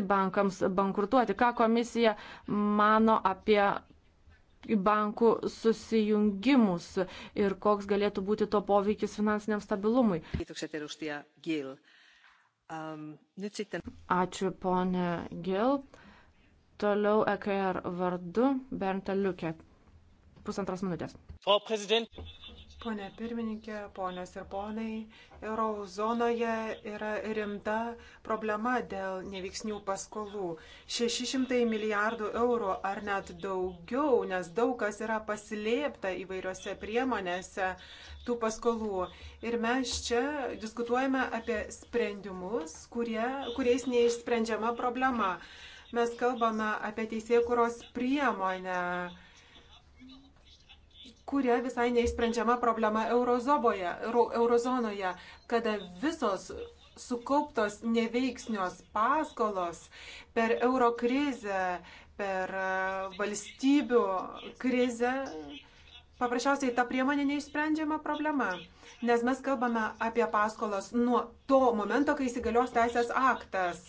bankams bankrutuoti. Ką komisija mano apie bankų susijungimus ir koks galėtų būti to poveikis finansiniam stabilumui? Ačiū, ponė Gil. Toliau EKR vardu Bernta Liukė. Pusantros minutės. Frau Präsidentin. Pone pirmininkė, ponios ir ponai, eurozonoje yra rimta problema dėl neveiksnių paskolų. 600 milijardų eurų ar net daugiau, nes daug kas yra paslėpta įvairiose priemonėse tų paskolų. Ir mes čia diskutuojame apie sprendimus, kurie, kuriais neišsprendžiama problema. Mes kalbame apie teisėkuros priemonę kuria visai neįsprendžiama problema eurozoboje, eurozonoje, kada visos sukauptos neveiksnios paskolos per euro krizę, per e, valstybių krizę, paprasčiausiai ta priemonė neišsprendžiama problema. Nes mes kalbame apie paskolas nuo to momento, kai įsigalios teisės aktas.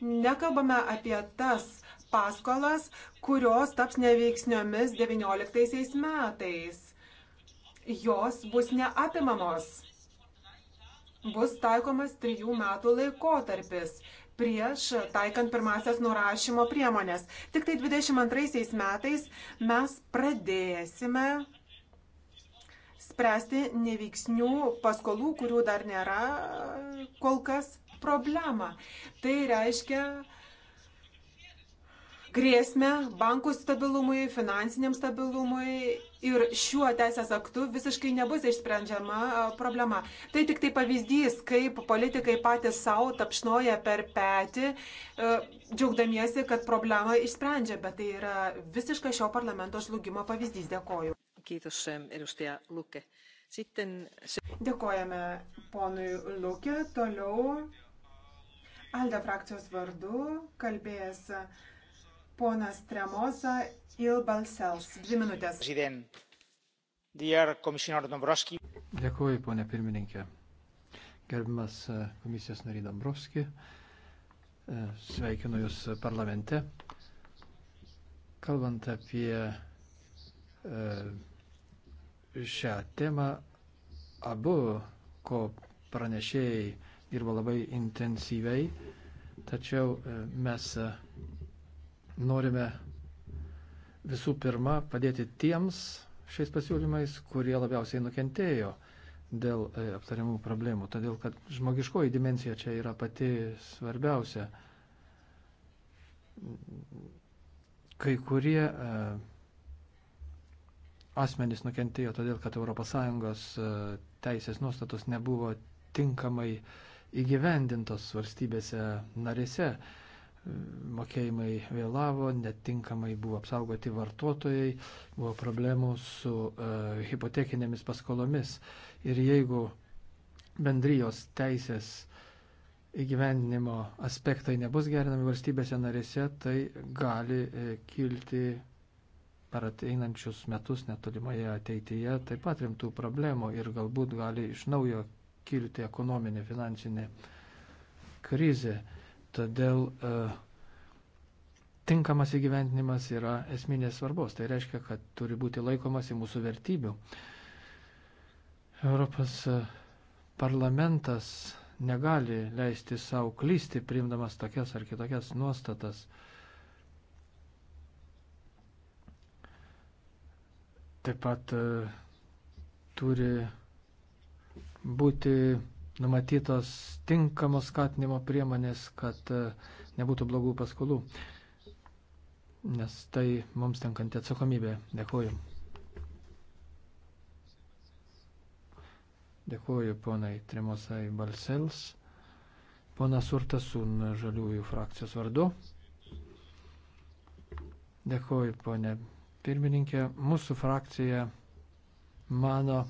Nekalbame apie tas paskolas, kurios taps neveiksniomis 19 metais. Jos bus neapimamos. Bus taikomas trijų metų laikotarpis prieš taikant pirmasias nurašymo priemonės. Tik tai 22 metais mes pradėsime spręsti neveiksnių paskolų, kurių dar nėra kol kas problemą. Tai reiškia, grėsmę bankų stabilumui, finansiniam stabilumui ir šiuo teisės aktu visiškai nebus išsprendžiama problema. Tai tik tai pavyzdys, kaip politikai patys savo tapšnoja per petį, džiaugdamiesi, kad problemą išsprendžia, bet tai yra visiškai šio parlamento žlugimo pavyzdys. Dėkoju. Kiitos, edustaja Luke. Sitten... Dėkojame ponui Luke. Toliau Alde frakcijos vardu kalbėjęs ponas Tremosa Il Balsels. Dvi minutės. Dėkuoju, ponė pirmininkė. Gerbimas e, komisijos nariai Dombrovski, e, sveikinu Jūs parlamente. Kalbant apie e, šią temą, abu, ko pranešėjai, dirbo labai intensyviai, tačiau mes norime visų pirma padėti tiems šiais pasiūlymais, kurie labiausiai nukentėjo dėl e, aptariamų problemų, todėl kad žmogiškoji dimensija čia yra pati svarbiausia. Kai kurie e, asmenys nukentėjo todėl, kad ES e, teisės nuostatos nebuvo tinkamai įgyvendintos valstybėse narėse mokėjimai vėlavo, netinkamai buvo apsaugoti vartotojai, buvo problemų su e, hipotekinėmis paskolomis. Ir jeigu bendrijos teisės įgyvendinimo aspektai nebus gerinami valstybėse narėse, tai gali e, kilti per ateinančius metus netolimoje ateityje taip pat rimtų problemų ir galbūt gali iš naujo kilti ekonominė, finansinė krizė. Todėl e, tinkamas įgyventinimas yra esminės svarbos. Tai reiškia, kad turi būti laikomasi mūsų vertybių. Europos e, parlamentas negali leisti savo klysti, priimdamas tokias ar kitokias nuostatas. Taip pat e, turi būti numatytos tinkamos skatinimo priemonės, kad e, nebūtų blogų paskolų, nes tai mums tenkanti atsakomybė. Dėkuoju. Dėkuoju ponai Tremosai Balsels, ponas Urtasun Žaliųjų frakcijos vardu. Dėkuoju, ponė pirmininkė. Mūsų frakcija mano,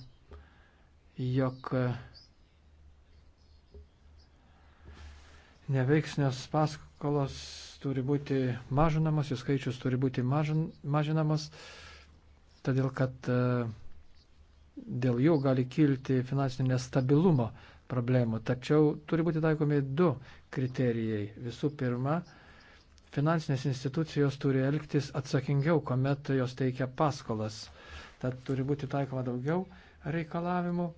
jog neveiksnios paskolos turi būti mažinamos, jų skaičius turi būti mažin, mažinamas, todėl kad e, dėl jų gali kilti finansinio nestabilumo problemų. Tačiau turi būti taikomi du kriterijai. Visų pirma, finansinės institucijos turi elgtis atsakingiau, kuomet jos teikia paskolas. Tad turi būti taikoma daugiau reikalavimų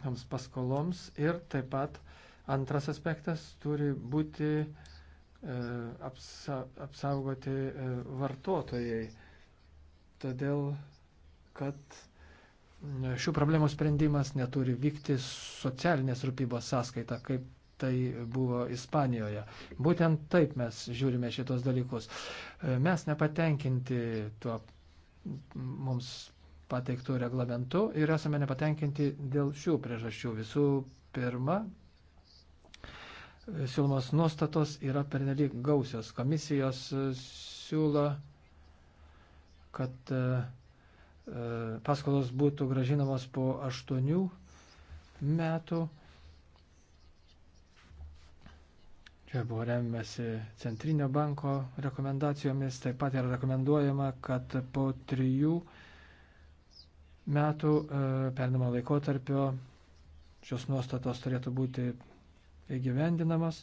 toms paskoloms ir taip pat Antras aspektas turi būti e, apsa, apsaugoti e, vartotojai, todėl kad šių problemų sprendimas neturi vykti socialinės rūpybos sąskaita, kaip tai buvo Ispanijoje. Būtent taip mes žiūrime šitos dalykus. E, mes nepatenkinti tuo mums pateiktų reglamentu ir esame nepatenkinti dėl šių priežasčių. Visų pirma, siūlomos nuostatos yra pernelyg gausios. Komisijos e, siūlo, kad e, e, paskolos būtų gražinamos po aštuonių metų. Čia buvo remiamasi Centrinio banko rekomendacijomis, taip pat yra rekomenduojama, kad po trijų metų e, pernamo laikotarpio šios nuostatos turėtų būti įgyvendinamas.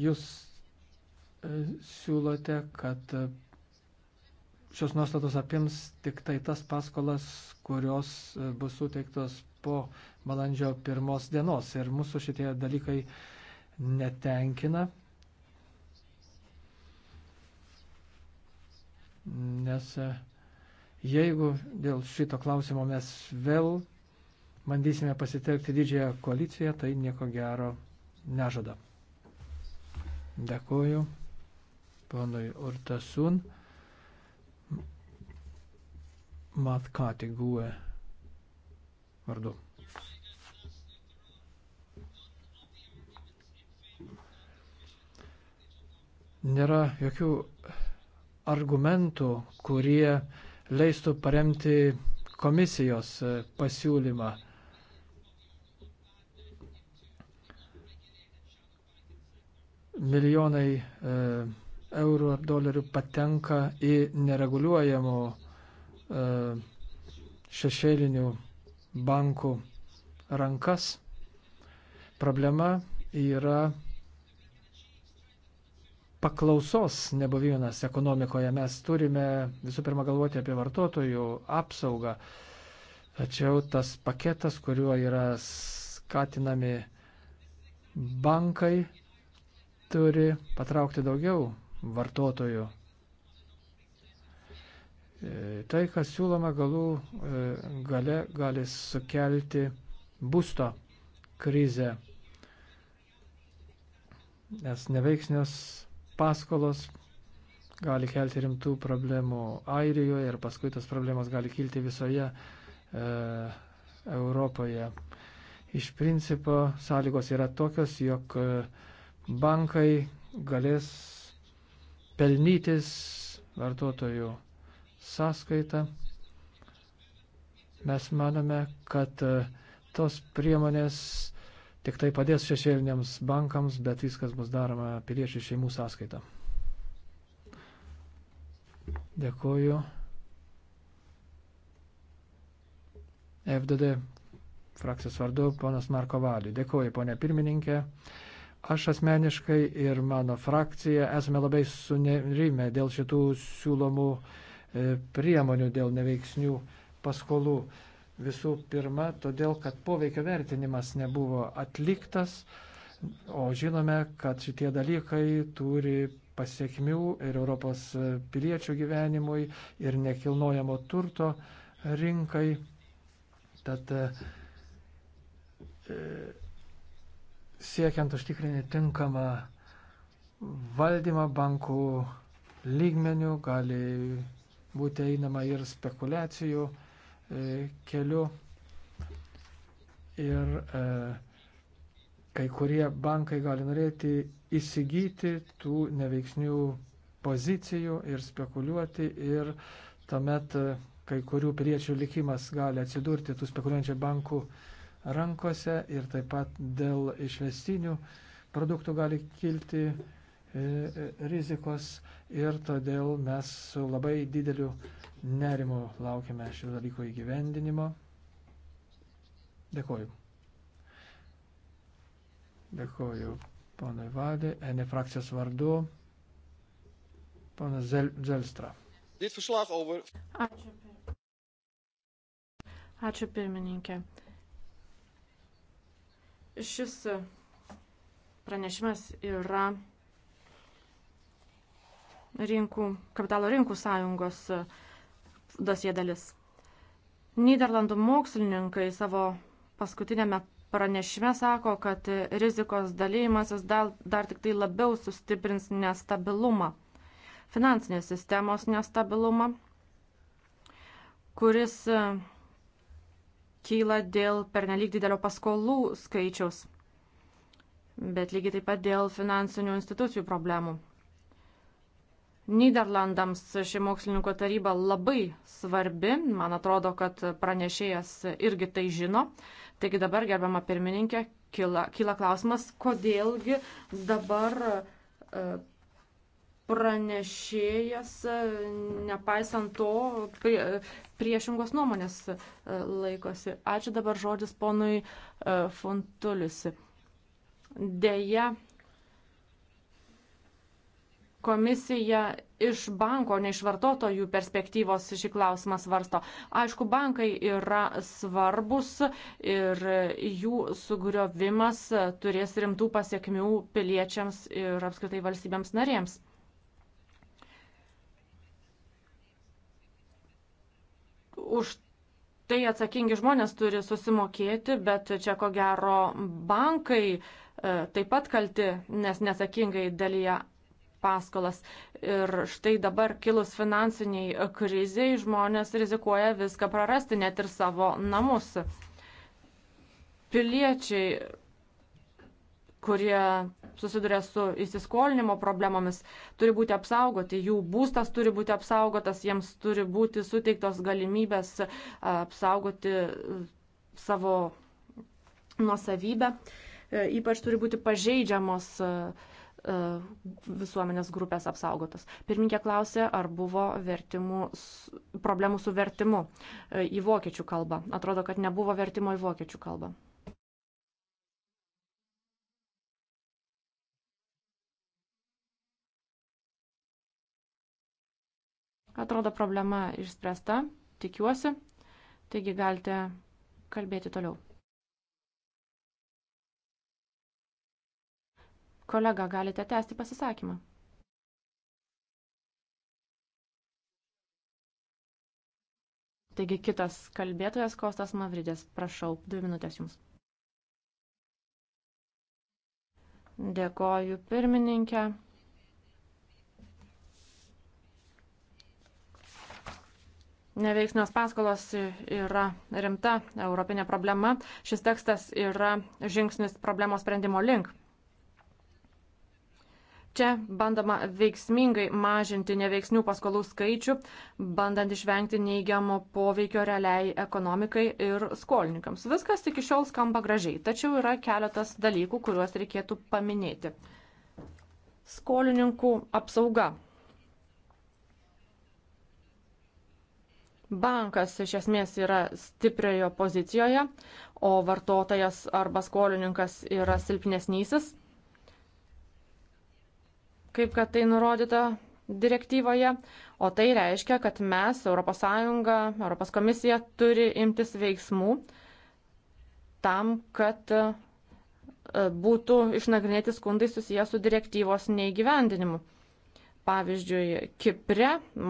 Jūs e, siūlote, kad e, šios nuostatos apims tik tai tas paskolas, kurios e, bus suteiktos po balandžio pirmos dienos. Ir mūsų šitie dalykai netenkina, nes jeigu dėl šito klausimo mes vėl bandysime pasitelkti didžiąją koaliciją, tai nieko gero nežada. Dėkuoju ponui Urtasun. Mat ką tik guė vardu. Nėra jokių argumentų, kurie leistų paremti komisijos pasiūlymą. milijonai e, eurų ar dolerių patenka į nereguliuojamų e, šešėlinių bankų rankas. Problema yra paklausos nebuvimas ekonomikoje. Mes turime visų pirma galvoti apie vartotojų apsaugą. Tačiau tas paketas, kuriuo yra skatinami bankai, turi patraukti daugiau vartotojų. E, tai, kas siūloma galų e, gale, gali sukelti būsto krizę, nes neveiksnios paskolos gali kelti rimtų problemų Airijoje ir paskui tas problemas gali kilti visoje e, Europoje. Iš principo sąlygos yra tokios, jog e, bankai galės pelnytis vartotojų sąskaitą. Mes manome, kad e, tos priemonės tik tai padės šešėliniams bankams, bet viskas bus daroma piliečių šeimų sąskaita. Dėkuoju. FDD frakcijos vardu ponas Marko Valį. Dėkuoju, ponė pirmininkė. Aš asmeniškai ir mano frakcija esame labai sunerimę dėl šitų siūlomų e, priemonių, dėl neveiksnių paskolų. Visų pirma, todėl, kad poveikio vertinimas nebuvo atliktas, o žinome, kad šitie dalykai turi pasiekmių ir Europos piliečių gyvenimui, ir nekilnojamo turto rinkai. Tad, e, siekiant užtikrinti tinkamą valdymą bankų lygmenių, gali būti einama ir spekulacijų e, keliu. Ir e, kai kurie bankai gali norėti įsigyti tų neveiksnių pozicijų ir spekuliuoti ir tuomet e, kai kurių piliečių likimas gali atsidurti tų spekuliuojančių bankų e, rankose ir taip pat dėl išvestinių produktų gali kilti e, e, rizikos ir todėl mes su labai dideliu nerimu laukiame šių dalykų įgyvendinimo. Dėkoju. Dėkoju ponui Vadė, N e frakcijos vardu, ponas Zel Zelstra. Ačiū, pir... Ačiū pirmininkė. Šis pranešimas yra rinkų, kapitalo rinkų sąjungos dosie dalis. Niderlandų mokslininkai savo paskutinėme pranešime sako, kad rizikos dalymasis dar, dar tik tai labiau sustiprins nestabilumą, finansinės sistemos nestabilumą, kuris kyla dėl pernelyg didelio paskolų skaičiaus, bet lygiai taip pat dėl finansinių institucijų problemų. Niderlandams ši mokslininko taryba labai svarbi, man atrodo, kad pranešėjas irgi tai žino. Taigi dabar, gerbiama pirmininkė, kyla, kyla klausimas, kodėlgi dabar uh, pranešėjas, nepaisant to, prie, priešingos nuomonės e, laikosi. Ačiū dabar žodis ponui e, Funtulis. Deja, komisija iš banko, ne iš vartotojų perspektyvos šį klausimą svarsto. Aišku, bankai yra svarbus ir jų sugriovimas turės rimtų pasiekmių piliečiams ir apskritai valstybėms narėms. už tai atsakingi žmonės turi susimokėti, bet čia ko gero bankai e, taip pat kalti, nes nesakingai dalyja paskolas. Ir štai dabar kilus finansiniai kriziai žmonės rizikuoja viską prarasti, net ir savo namus. Piliečiai kurie susiduria su įsiskolinimo problemomis, turi būti apsaugoti, jų būstas turi būti apsaugotas, jiems turi būti suteiktos galimybės apsaugoti e, savo nuosavybę. E, ypač turi būti pažeidžiamos e, visuomenės grupės apsaugotas. Pirminkė klausė, ar buvo vertimų, problemų su vertimu į vokiečių kalbą. Atrodo, kad nebuvo vertimo į vokiečių kalbą. Atrodo, problema išspręsta, tikiuosi. Taigi galite kalbėti toliau. Kolega, galite tęsti pasisakymą. Taigi kitas kalbėtojas Kostas Mavridės. Prašau, dvi minutės jums. Dėkoju pirmininkė. Neveiksnios paskolos yra rimta europinė problema. Šis tekstas yra žingsnis problemos sprendimo link. Čia bandoma veiksmingai mažinti neveiksnių paskolų skaičių, bandant išvengti neigiamo poveikio realiai ekonomikai ir skolininkams. Viskas iki šiol skamba gražiai, tačiau yra keletas dalykų, kuriuos reikėtų paminėti. Skolininkų apsauga bankas iš esmės yra stipriojo pozicijoje, o vartotojas arba skolininkas yra silpnesnysis, kaip kad tai nurodyta direktyvoje, o tai reiškia, kad mes, ES, ES komisija turi imtis veiksmų tam, kad e, būtų išnagrinėti skundai susijęs su direktyvos neįgyvendinimu. Pavyzdžiui, Kipre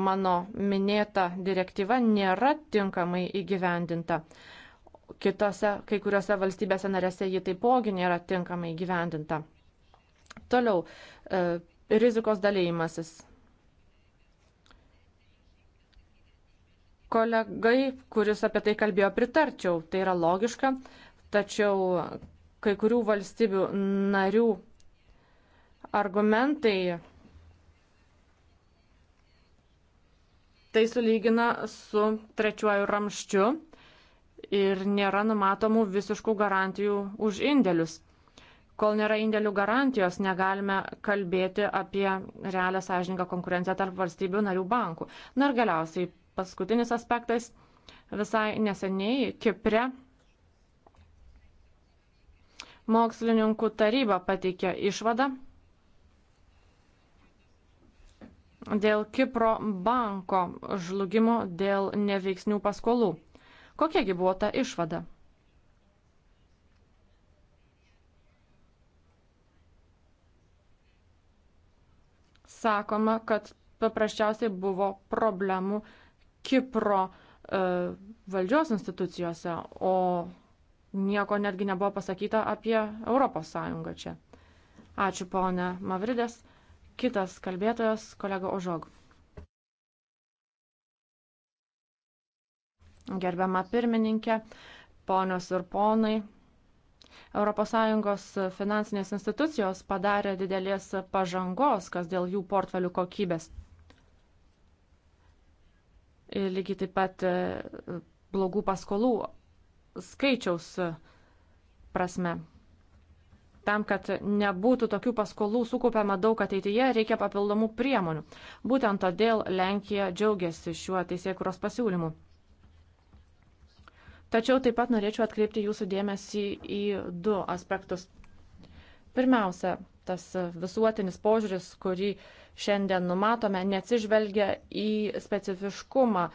mano minėta direktyva nėra tinkamai įgyvendinta. Kitose, kai kuriuose valstybėse narėse ji taipogi nėra tinkamai įgyvendinta. Toliau, e, rizikos dalymasis. Kolegai, kuris apie tai kalbėjo, pritarčiau, tai yra logiška, tačiau kai kurių valstybių narių argumentai tai sulygina su trečiuoju ramščiu ir nėra numatomų visiškų garantijų už indėlius. Kol nėra indėlių garantijos, negalime kalbėti apie realią sąžininką konkurenciją tarp valstybių narių bankų. Na ir galiausiai paskutinis aspektas. Visai neseniai Kipre mokslininkų taryba pateikė išvadą, dėl Kipro banko žlugimo dėl neveiksnių paskolų. Kokiagi buvo ta išvada? Sakoma, kad paprasčiausiai buvo problemų Kipro e, valdžios institucijose, o nieko netgi nebuvo pasakyta apie ES čia. Ačiū, ponė Mavridės. Kitas kalbėtojas, kolega Ožog. Gerbiama pirmininkė, ponios ir ponai, ES finansinės institucijos padarė didelės pažangos, kas dėl jų portfelių kokybės. Ir lygiai taip pat e, blogų paskolų skaičiaus e, prasme. Tam, kad nebūtų tokių paskolų sukaupiama daug ateityje, reikia papildomų priemonių. Būtent todėl Lenkija džiaugiasi šiuo teisėkuros pasiūlymu. Tačiau taip pat norėčiau atkreipti jūsų dėmesį į du aspektus. Pirmiausia, tas visuotinis požiūris, kurį šiandien numatome, neatsižvelgia į specifiškumą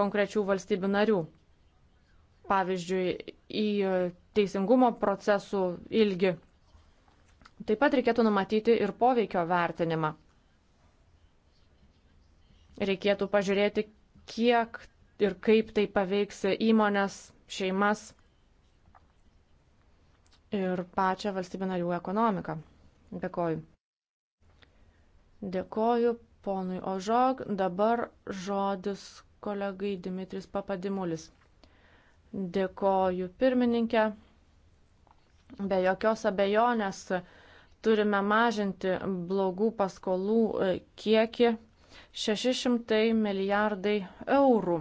konkrečių valstybių narių. Pavyzdžiui, į e, teisingumo procesų ilgį. Taip pat reikėtų numatyti ir poveikio vertinimą. Reikėtų pažiūrėti, kiek ir kaip tai paveiks įmonės, šeimas ir pačią valstybę narių ekonomiką. Dėkoju. Dėkoju ponui Ožog. Dabar žodis kolegai Dimitris Papadimulis. Dėkoju pirmininkė. Be jokios abejonės turime mažinti blogų paskolų e, kiekį 600 milijardai eurų.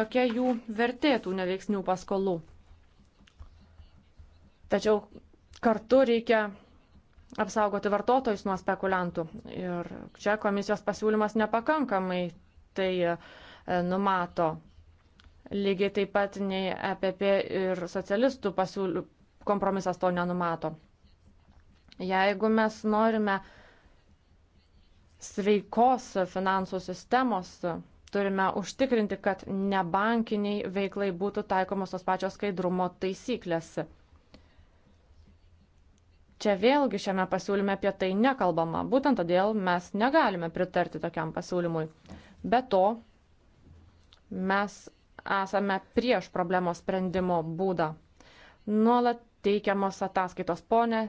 Tokia jų vertėtų neveiksnių paskolų. Tačiau kartu reikia apsaugoti vartotojus nuo spekuliantų. Ir čia komisijos pasiūlymas nepakankamai tai e, numato. Lygiai taip pat nei EPP ir socialistų pasiūlių kompromisas to nenumato. Jeigu mes norime sveikos finansų sistemos, turime užtikrinti, kad nebankiniai veiklai būtų taikomos tos pačios skaidrumo taisyklės. Čia vėlgi šiame pasiūlyme apie tai nekalbama, būtent todėl mes negalime pritarti tokiam pasiūlymui. Be to, mes esame prieš problemos sprendimo būdą. Nuolat teikiamos ataskaitos. Pone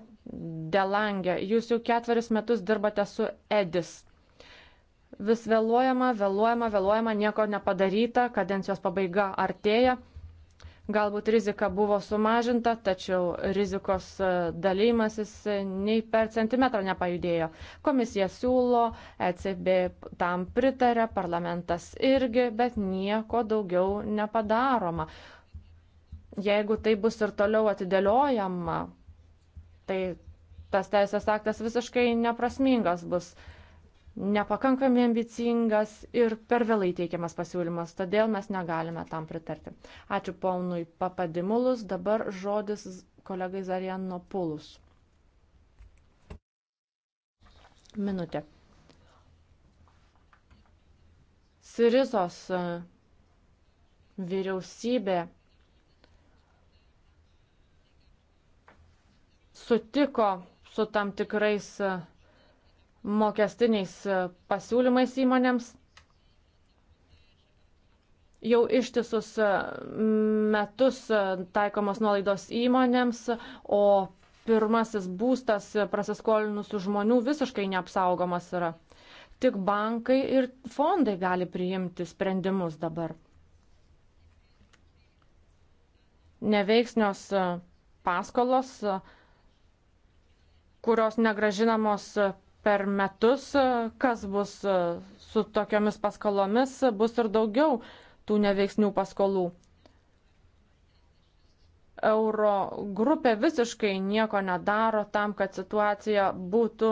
Delangė, jūs jau ketverius metus dirbate su Edis. Vis vėluojama, vėluojama, vėluojama, nieko nepadaryta, kadencijos pabaiga artėja. Galbūt rizika buvo sumažinta, tačiau rizikos e, dalymasis e, nei per centimetrą nepajudėjo. Komisija siūlo, ECB tam pritarė, parlamentas irgi, bet nieko daugiau nepadaroma. Jeigu tai bus ir toliau atidėliojama, tai tas teisės aktas visiškai neprasmingas bus nepakankamai ambicingas ir per vėlai teikiamas pasiūlymas, todėl mes negalime tam pritarti. Ačiū ponui Papadimulus, dabar žodis kolegai Zarianno Pulus. Minutė. Sirizos e, vyriausybė sutiko su tam tikrais e, mokestiniais e, pasiūlymais įmonėms. Jau ištisus e, metus e, taikomos nuolaidos įmonėms, o pirmasis būstas prasiskolinusių žmonių visiškai neapsaugomas yra. Tik bankai ir fondai gali priimti sprendimus dabar. Neveiksnios paskolos kurios negražinamos per metus, kas bus e, su tokiomis paskolomis, bus ir daugiau tų neveiksnių paskolų. Euro grupė visiškai nieko nedaro tam, kad situacija būtų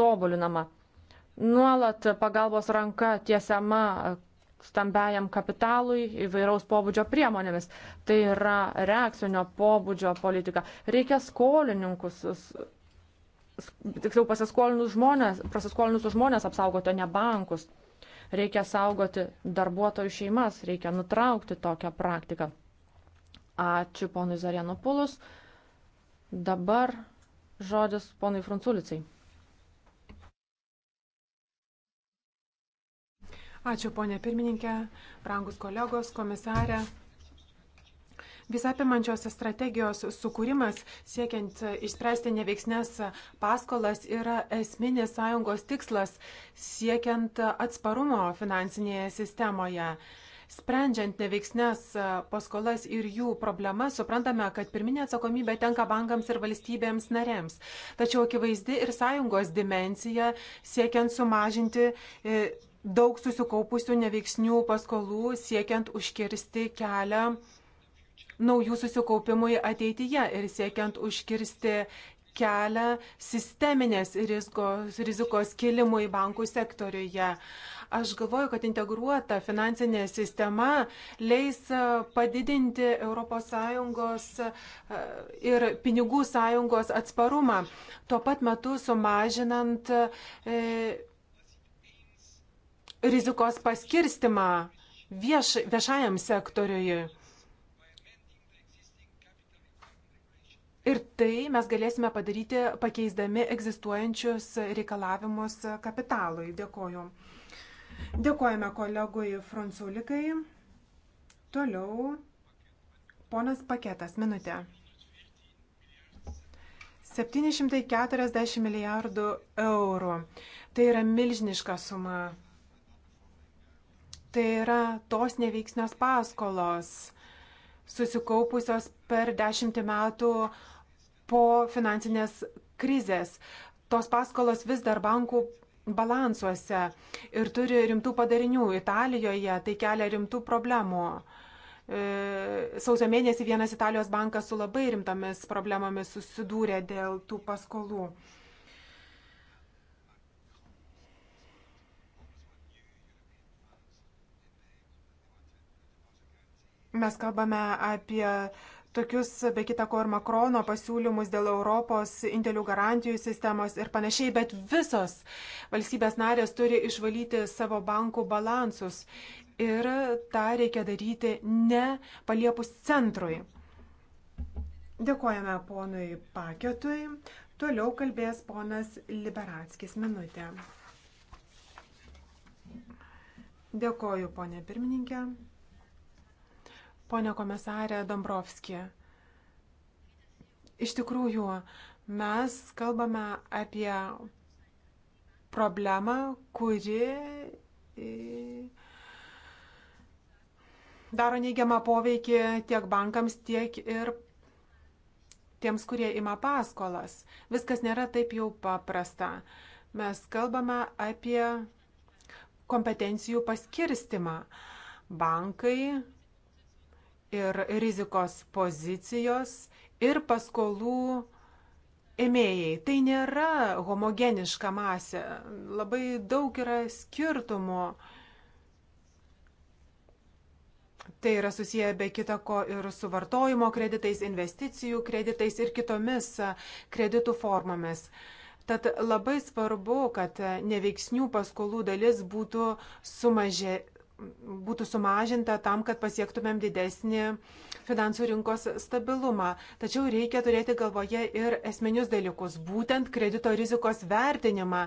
tobulinama. Nuolat pagalbos ranka tiesiama stambiajam kapitalui įvairaus pobūdžio priemonėmis. Tai yra reakcinio pobūdžio politika. Reikia skolininkus tiksliau pasiskolinus žmonės, pasiskolinus žmonės apsaugoti, o ne bankus. Reikia saugoti darbuotojų šeimas, reikia nutraukti tokią praktiką. Ačiū ponui Zarienopulus. Dabar žodis ponui Franculicai. Ačiū ponė pirmininkė, brangus kolegos, komisarė. Visapimančios strategijos sukūrimas siekiant išspręsti neveiksnės paskolas yra esminis sąjungos tikslas siekiant atsparumo finansinėje sistemoje. Sprendžiant neveiksnės paskolas ir jų problemas, suprantame, kad pirminė atsakomybė tenka bankams ir valstybėms narėms. Tačiau akivaizdi ir sąjungos dimencija siekiant sumažinti e, daug susikaupusių neveiksnių paskolų, siekiant užkirsti kelią naujų susikaupimui ateityje ir siekiant užkirsti kelią sisteminės rizikos, rizikos kilimui bankų sektoriuje. Aš galvoju, kad integruota finansinė sistema leis e, padidinti ES e, ir pinigų sąjungos atsparumą, tuo pat metu sumažinant e, rizikos paskirstimą vieš, viešajam sektoriui. Ir tai mes galėsime padaryti pakeisdami egzistuojančius reikalavimus kapitalui. Dėkoju. Dėkojame kolegui Fransulikai. Toliau ponas paketas, minutė. 740 milijardų eurų. Tai yra milžiniška suma. Tai yra tos neveiksnios paskolos susikaupusios per dešimtį metų po finansinės krizės. Tos paskolos vis dar bankų balansuose ir turi rimtų padarinių. Italijoje tai kelia rimtų problemų. E, sausio mėnesį vienas Italijos bankas su labai rimtomis problemomis susidūrė dėl tų paskolų. Mes kalbame apie tokius be kita ko ir Makrono pasiūlymus dėl Europos indėlių garantijų sistemos ir panašiai, bet visos valstybės narės turi išvalyti savo bankų balansus ir tą reikia daryti ne paliepus centrui. Dėkojame ponui Paketui. Toliau kalbės ponas Liberatskis minutę. Dėkoju, ponė pirmininkė. Pone komisarė Dombrovskė, iš tikrųjų mes kalbame apie problemą, kuri e, daro neigiamą poveikį tiek bankams, tiek ir tiems, kurie ima paskolas. Viskas nėra taip jau paprasta. Mes kalbame apie kompetencijų paskirstimą. Bankai ir rizikos pozicijos ir paskolų ėmėjai. Tai nėra homogeniška masė. Labai daug yra skirtumų. Tai yra susiję be kita ko ir su vartojimo kreditais, investicijų kreditais ir kitomis kreditų formomis. Tad labai svarbu, kad neveiksnių paskolų dalis būtų sumažė, būtų sumažinta tam, kad pasiektumėm didesnį finansų rinkos stabilumą. Tačiau reikia turėti galvoje ir esminius dalykus, būtent kredito rizikos vertinimą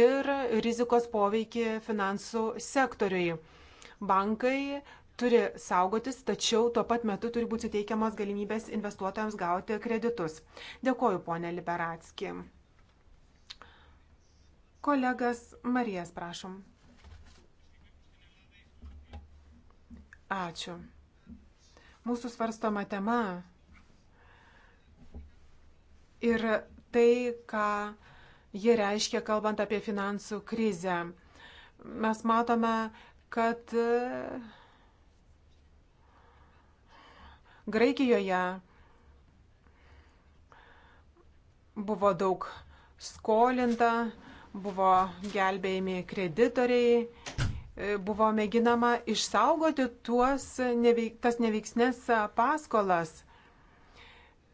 ir rizikos poveikį finansų sektoriui. Bankai turi saugotis, tačiau tuo pat metu turi būti suteikiamos galimybės investuotojams gauti kreditus. Dėkoju, ponė Liberatski. Kolegas Marijas, prašom. Ačiū. Mūsų svarstoma tema ir tai, ką ji reiškia, kalbant apie finansų krizę. Mes matome, kad Graikijoje buvo daug skolinta, buvo gelbėjami kreditoriai E, buvo mėginama išsaugoti tuos, neveik, tas neveiksnės paskolas.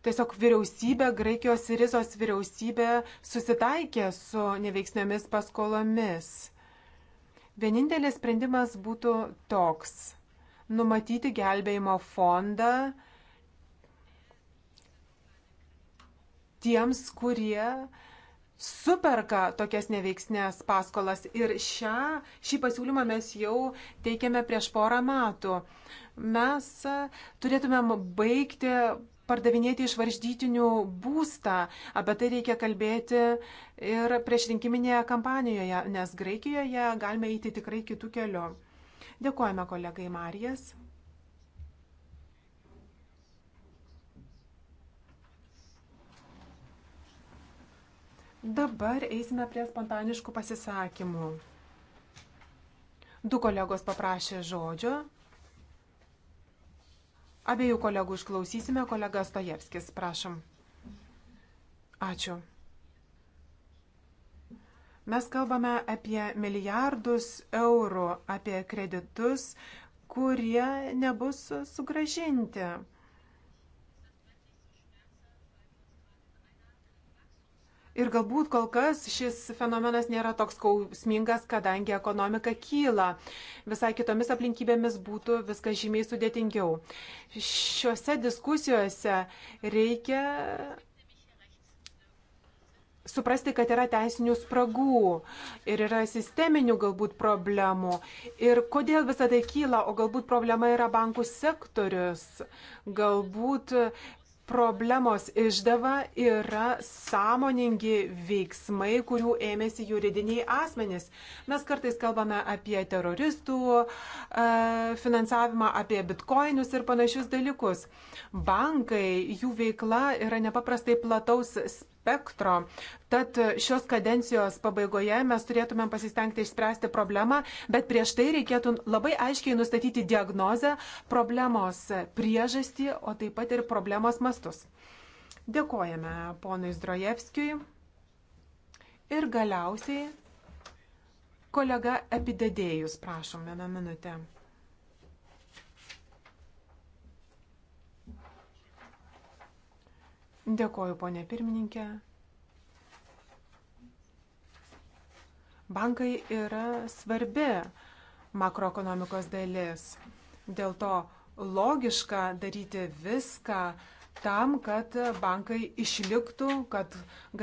Tiesiog vyriausybė, Graikijos ir Rizos vyriausybė susitaikė su neveiksnėmis paskolomis. Vienintelis sprendimas būtų toks - numatyti gelbėjimo fondą tiems, kurie superka tokias neveiksnės paskolas. Ir šią, šį pasiūlymą mes jau teikėme prieš porą metų. Mes e, turėtumėm baigti pardavinėti iš varždytinių būstą. Apie tai reikia kalbėti ir priešrinkiminėje kampanijoje, nes Graikijoje galime eiti tikrai kitų kelių. Dėkojame kolegai Marijas. Dabar eisime prie spontaniškų pasisakymų. Du kolegos paprašė žodžio. Abiejų kolegų išklausysime. Kolega Stojevskis, prašom. Ačiū. Mes kalbame apie milijardus eurų, apie kreditus, kurie nebus sugražinti. Ir galbūt kol kas šis fenomenas nėra toks skausmingas, kadangi ekonomika kyla. Visai kitomis aplinkybėmis būtų viskas žymiai sudėtingiau. Šiuose diskusijuose reikia suprasti, kad yra teisinių spragų ir yra sisteminių galbūt problemų. Ir kodėl visą tai kyla, o galbūt problema yra bankų sektorius. Galbūt problemos išdava yra sąmoningi veiksmai, kurių ėmėsi juridiniai asmenys. Mes kartais kalbame apie teroristų e, finansavimą, apie bitkoinus ir panašius dalykus. Bankai, jų veikla yra nepaprastai plataus spektro spektro. Tad šios kadencijos pabaigoje mes turėtumėm pasistengti išspręsti problemą, bet prieš tai reikėtų labai aiškiai nustatyti diagnozę, problemos priežastį, o taip pat ir problemos mastus. Dėkojame ponui Zdrojevskijui. Ir galiausiai kolega Epidedėjus, prašom, vieną minutę. Dėkoju, ponė pirmininkė. Bankai yra svarbi makroekonomikos dalis. Dėl to logiška daryti viską tam, kad bankai išliktų, kad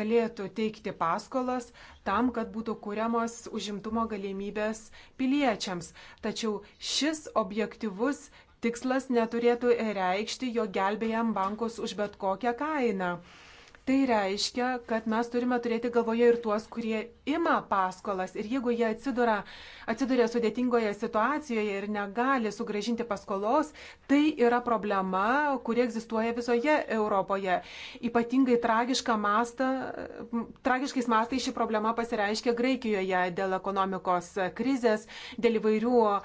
galėtų teikti paskolas, tam, kad būtų kūriamos užimtumo galimybės piliečiams. Tačiau šis objektivus tikslas neturėtų reikšti, jo gelbėjam bankus už bet kokią kainą. Tai reiškia, kad mes turime turėti galvoje ir tuos, kurie ima paskolas ir jeigu jie atsidura, atsiduria sudėtingoje situacijoje ir negali sugražinti paskolos, tai yra problema, kuri egzistuoja visoje Europoje. Ypatingai mastą, tragiškais mastais ši problema pasireiškia Graikijoje dėl ekonomikos krizės, dėl įvairių a,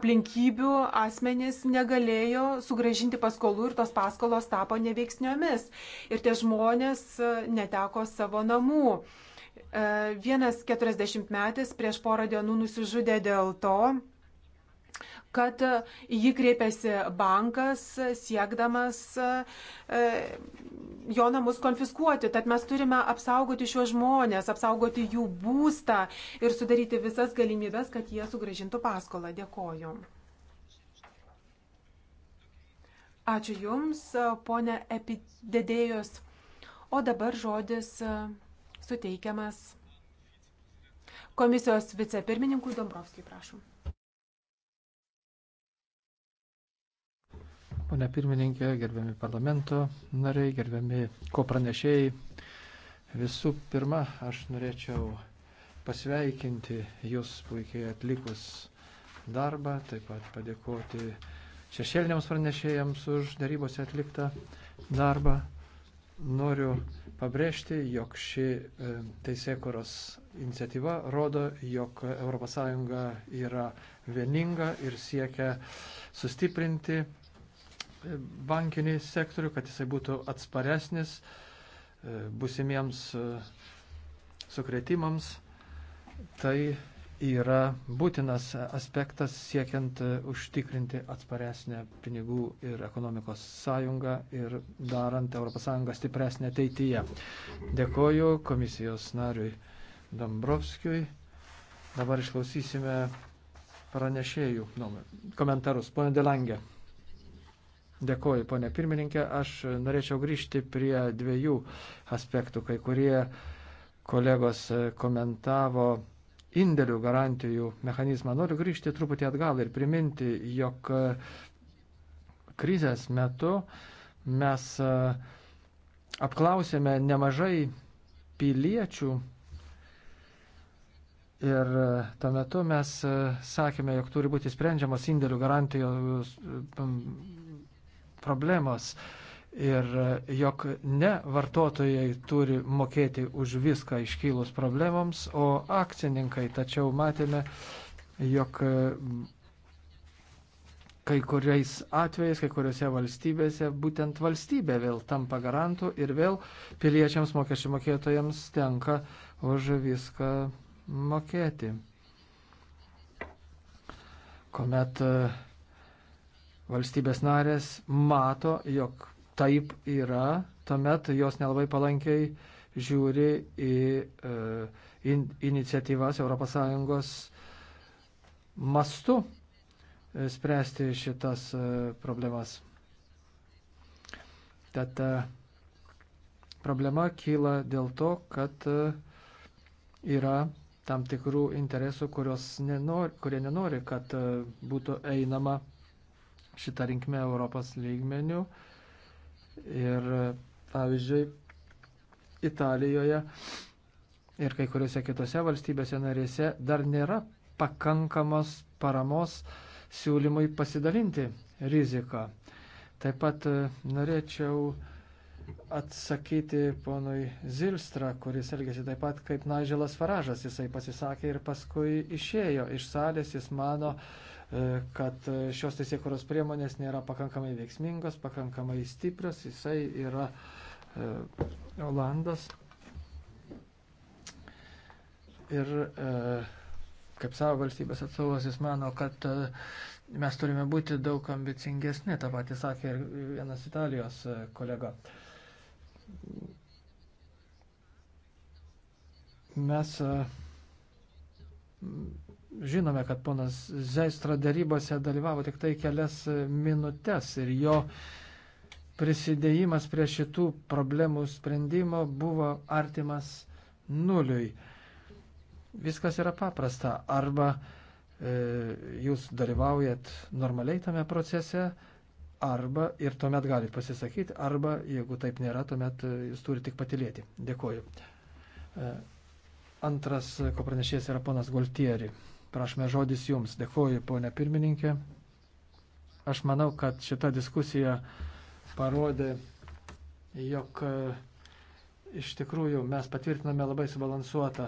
aplinkybių asmenys negalėjo sugražinti paskolų ir tos paskolos tapo neveiksniomis. Ir tie žmonės e, neteko savo namų. E, vienas 40-metis prieš porą dienų nusižudė dėl to, kad jį kreipėsi bankas siekdamas e, jo namus konfiskuoti. Tad mes turime apsaugoti šiuos žmonės, apsaugoti jų būstą ir sudaryti visas galimybės, kad jie sugražintų paskolą. Dėkoju. Ačiū Jums, ponė Epidedėjos O dabar žodis e, suteikiamas komisijos vicepirmininkui Dombrovskijui, prašom. Pone pirmininkė, gerbiami parlamento nariai, gerbiami kopranešėjai, visų pirma, aš norėčiau pasveikinti jūs puikiai atlikus darbą, taip pat padėkoti šešėliniams pranešėjams už darybose atliktą darbą. Noriu pabrėžti, jog ši e, teisėkuros iniciatyva rodo, jog ES yra vieninga ir siekia sustiprinti e, bankinį sektorių, kad jisai būtų atsparesnis e, busimiems sukretimams. Tai yra būtinas aspektas siekiant e, užtikrinti atsparesnę pinigų ir ekonomikos sąjungą ir darant ES stipresnę ateityje. Dėkoju komisijos nariui Dombrovskijui. Dabar išklausysime pranešėjų nu, komentarus. Pone Delangė. Dėkoju, ponė pirmininkė. Aš norėčiau grįžti prie dviejų aspektų. Kai kurie kolegos komentavo indėlių garantijų mechanizmą. Noriu grįžti truputį atgal ir priminti, jog e, krizės metu mes e, apklausėme nemažai piliečių ir e, tuo metu mes sakėme, jog turi būti sprendžiamos indėlių garantijos problemos ir e, jog ne vartotojai turi mokėti už viską iškylus problemams, o akcininkai. Tačiau matėme, jog e, kai kuriais atvejais, kai kuriuose valstybėse būtent valstybė vėl tampa garantų ir vėl piliečiams mokesčių mokėtojams tenka už viską mokėti. Komet e, valstybės narės mato, jog taip yra, tuomet jos nelabai palankiai žiūri į e, in, iniciatyvas ES mastu e, spręsti šitas e, problemas. Tad e, problema kyla dėl to, kad yra tam tikrų interesų, nenori, kurie nenori, kad būtų einama šitą rinkmę Europos lygmenių. E, ir pavyzdžiui Italijoje ir kai kuriuose kitose valstybėse narėse dar nėra pakankamos paramos siūlymui pasidalinti riziką. Taip pat e, norėčiau atsakyti ponui Zilstra, kuris elgėsi taip pat kaip Naželas Faražas. Jisai pasisakė ir paskui išėjo iš salės, jis mano, uh, E, kad šios teisėkuros priemonės nėra pakankamai veiksmingos, pakankamai stiprios. Jisai yra e, Olandas. Ir e, kaip savo valstybės atstovas jis mano, kad e, mes turime būti daug ambicingesni, tą patį sakė ir vienas Italijos e, kolega. Mes e, žinome, kad ponas Zeistra darybose dalyvavo tik tai kelias minutės ir jo prisidėjimas prie šitų problemų sprendimo buvo artimas nuliui. Viskas yra paprasta. Arba e, jūs dalyvaujat normaliai tame procese, arba ir tuomet galite pasisakyti, arba jeigu taip nėra, tuomet e, jūs turite tik patilėti. Dėkuoju. E, antras e, kopranešėjas yra ponas Goltieri. Prašome žodis jums. Dėkuoju, ponė pirmininkė. Aš manau, kad šita diskusija parodė, jog e, iš tikrųjų mes patvirtiname labai subalansuotą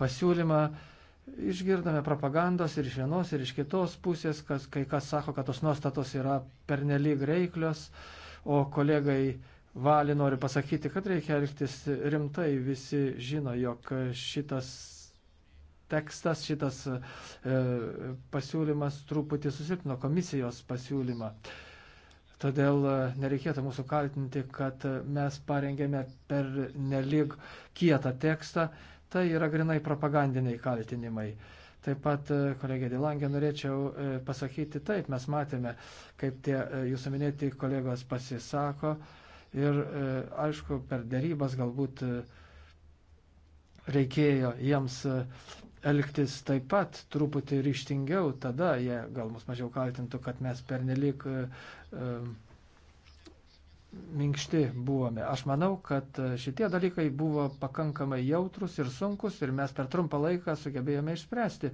pasiūlymą. Išgirdome propagandos ir iš vienos, ir iš kitos pusės, kas, kai kas sako, kad tos nuostatos yra pernelyg reiklios, o kolegai Valį noriu pasakyti, kad reikia elgtis rimtai. Visi žino, jog šitas tekstas, šitas e, pasiūlymas truputį susilpno komisijos pasiūlymą. Todėl e, nereikėtų mūsų kaltinti, kad e, mes parengėme per nelik kietą tekstą. Tai yra grinai propagandiniai kaltinimai. Taip pat, e, kolegė Dilangė, norėčiau pasakyti taip, mes matėme, kaip tie jūsų minėti kolegos pasisako ir, aišku, per dėrybas galbūt reikėjo jiems elgtis taip pat truputį ryštingiau, tada jie gal mus mažiau kaltintų, kad mes pernelik e, e, minkšti buvome. Aš manau, kad šitie dalykai buvo pakankamai jautrus ir sunkus ir mes per trumpą laiką sugebėjome išspręsti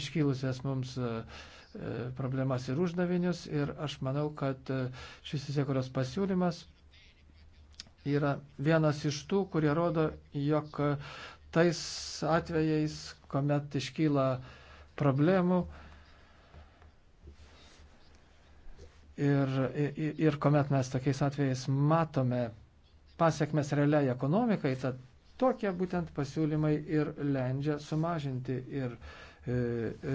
iškilusias mums e, e, problemas ir uždavinius ir aš manau, kad šis įsiekuros pasiūlymas yra vienas iš tų, kurie rodo, jog tais atvejais, kuomet iškyla problemų ir, ir, ir kuomet mes tokiais atvejais matome pasiekmes realiai ekonomikai, tad tokie būtent pasiūlymai ir leidžia sumažinti ir e,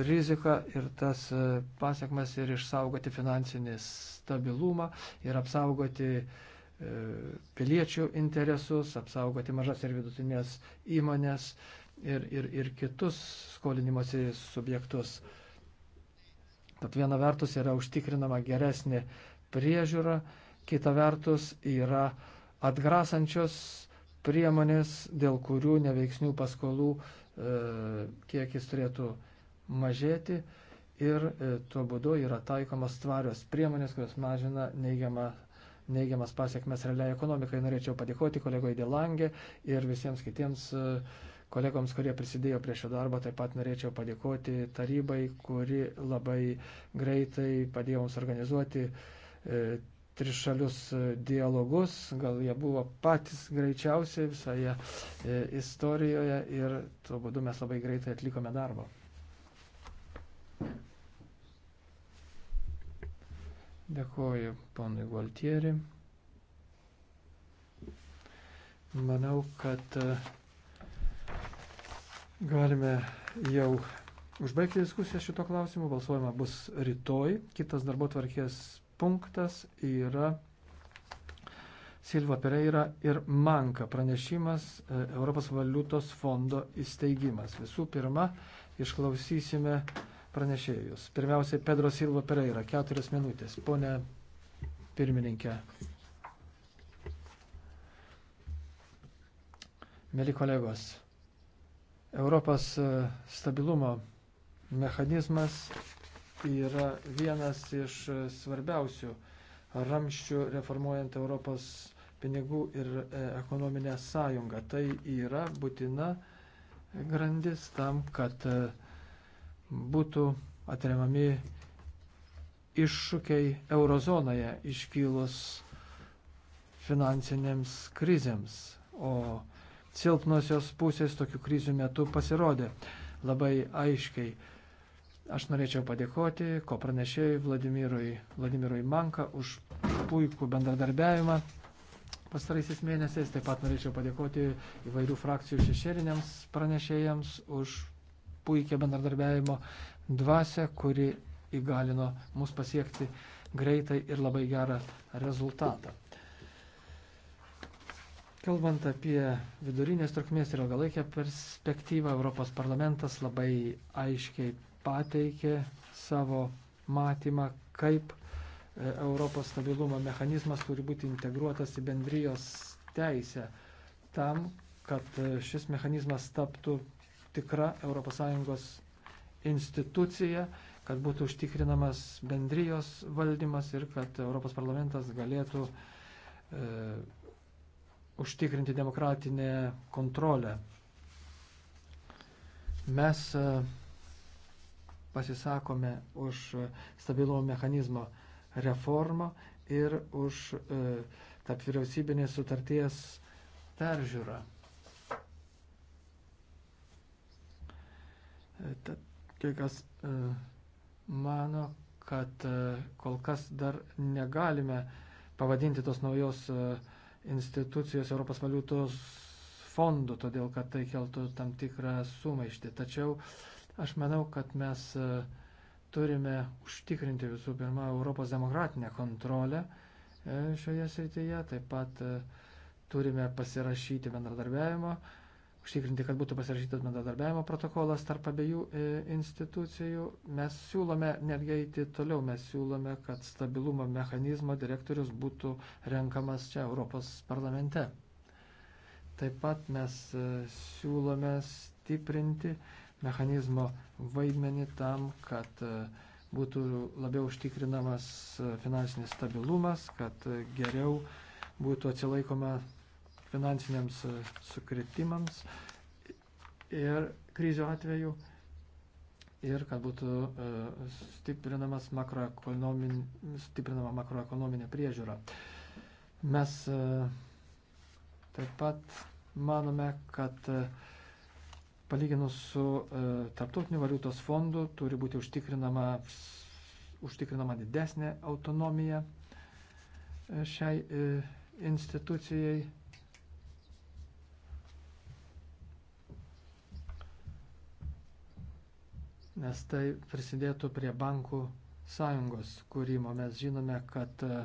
riziką, ir tas e, pasiekmes, ir išsaugoti finansinį stabilumą, ir apsaugoti e, E, piliečių interesus, apsaugoti mažas ir vidutinės įmonės ir, ir, ir kitus skolinimosi subjektus. Tad viena vertus yra užtikrinama geresnė priežiūra, kita vertus yra atgrasančios priemonės, dėl kurių neveiksnių paskolų e, kiekis turėtų mažėti ir e, tuo būdu yra taikomas tvarios priemonės, kurios mažina neigiamą neigiamas pasiekmes realiai ekonomikai. Norėčiau padėkoti kolegoj Delangė ir visiems kitiems e, kolegoms, kurie prisidėjo prie šio darbo. Taip pat norėčiau padėkoti tarybai, kuri labai greitai padėjo mums organizuoti e, trišalius e, dialogus. Gal jie buvo patys greičiausiai visoje e, istorijoje ir tuo būdu mes labai greitai atlikome darbą. Dėkuoju ponui Gualtieri. Manau, kad e, galime jau užbaigti diskusiją šito klausimu. Balsuojama bus rytoj. Kitas darbo tvarkės punktas yra Silva Pereira ir Manka pranešimas e, Europos valiutos fondo įsteigimas. Visų pirma, išklausysime pranešėjus. Pirmiausiai Pedro Silva Pereira, keturias minutės. Pone pirmininkė. Mėly kolegos, Europos e, stabilumo mechanizmas yra vienas iš e, svarbiausių ramščių reformuojant Europos pinigų ir e, ekonominę sąjungą. Tai yra būtina grandis tam, kad uh, būtų atremami iššūkiai eurozonoje iškylus finansinėms krizėms, o silpnosios pusės tokių krizių metu pasirodė labai aiškiai. Aš norėčiau padėkoti ko pranešėjai Vladimirui, Vladimirui Manka už puikų bendradarbiavimą pastaraisiais mėnesiais. Taip pat norėčiau padėkoti įvairių frakcijų šešėriniams pranešėjams už puikią bendradarbiavimo dvasę, kuri įgalino mus pasiekti greitai ir labai gerą rezultatą. Kalbant apie vidurinės trukmės ir ilgalaikę perspektyvą, Europos parlamentas labai aiškiai pateikė savo matymą, kaip e, Europos stabilumo mechanizmas turi būti integruotas į bendrijos teisę tam, kad e, šis mechanizmas taptų tikra ES institucija, kad būtų užtikrinamas bendrijos valdymas ir kad Europos parlamentas galėtų e, užtikrinti demokratinę kontrolę. Mes e, pasisakome už stabilumo mechanizmo reformą ir už e, tarp vyriausybinės sutarties peržiūrą. E, kai kas e, mano, kad e, kol kas dar negalime pavadinti tos naujos institucijos Europos valiutos fondų, todėl kad tai keltų tam tikrą sumaištį. Tačiau aš manau, kad mes turime užtikrinti visų pirma Europos demokratinę kontrolę šioje srityje, taip pat turime pasirašyti bendradarbiavimo užtikrinti, kad būtų pasirašytas bendradarbiavimo protokolas tarp abiejų e, institucijų. Mes siūlome netgi eiti toliau, mes siūlome, kad stabilumo mechanizmo direktorius būtų renkamas čia Europos parlamente. Taip pat mes e, siūlome stiprinti mechanizmo vaidmenį tam, kad e, būtų labiau užtikrinamas finansinis stabilumas, kad geriau būtų atsilaikoma finansiniams e, sukretimams ir kryžio atveju ir kad būtų e, stiprinamas makroekonomin, stiprinama makroekonominė priežiūra. Mes e, taip pat manome, kad palyginus su Tarptautiniu valiutos fondu turi būti užtikrinama, užtikrinama didesnė autonomija šiai institucijai nes tai prisidėtų prie bankų sąjungos kūrimo. Mes žinome, kad e,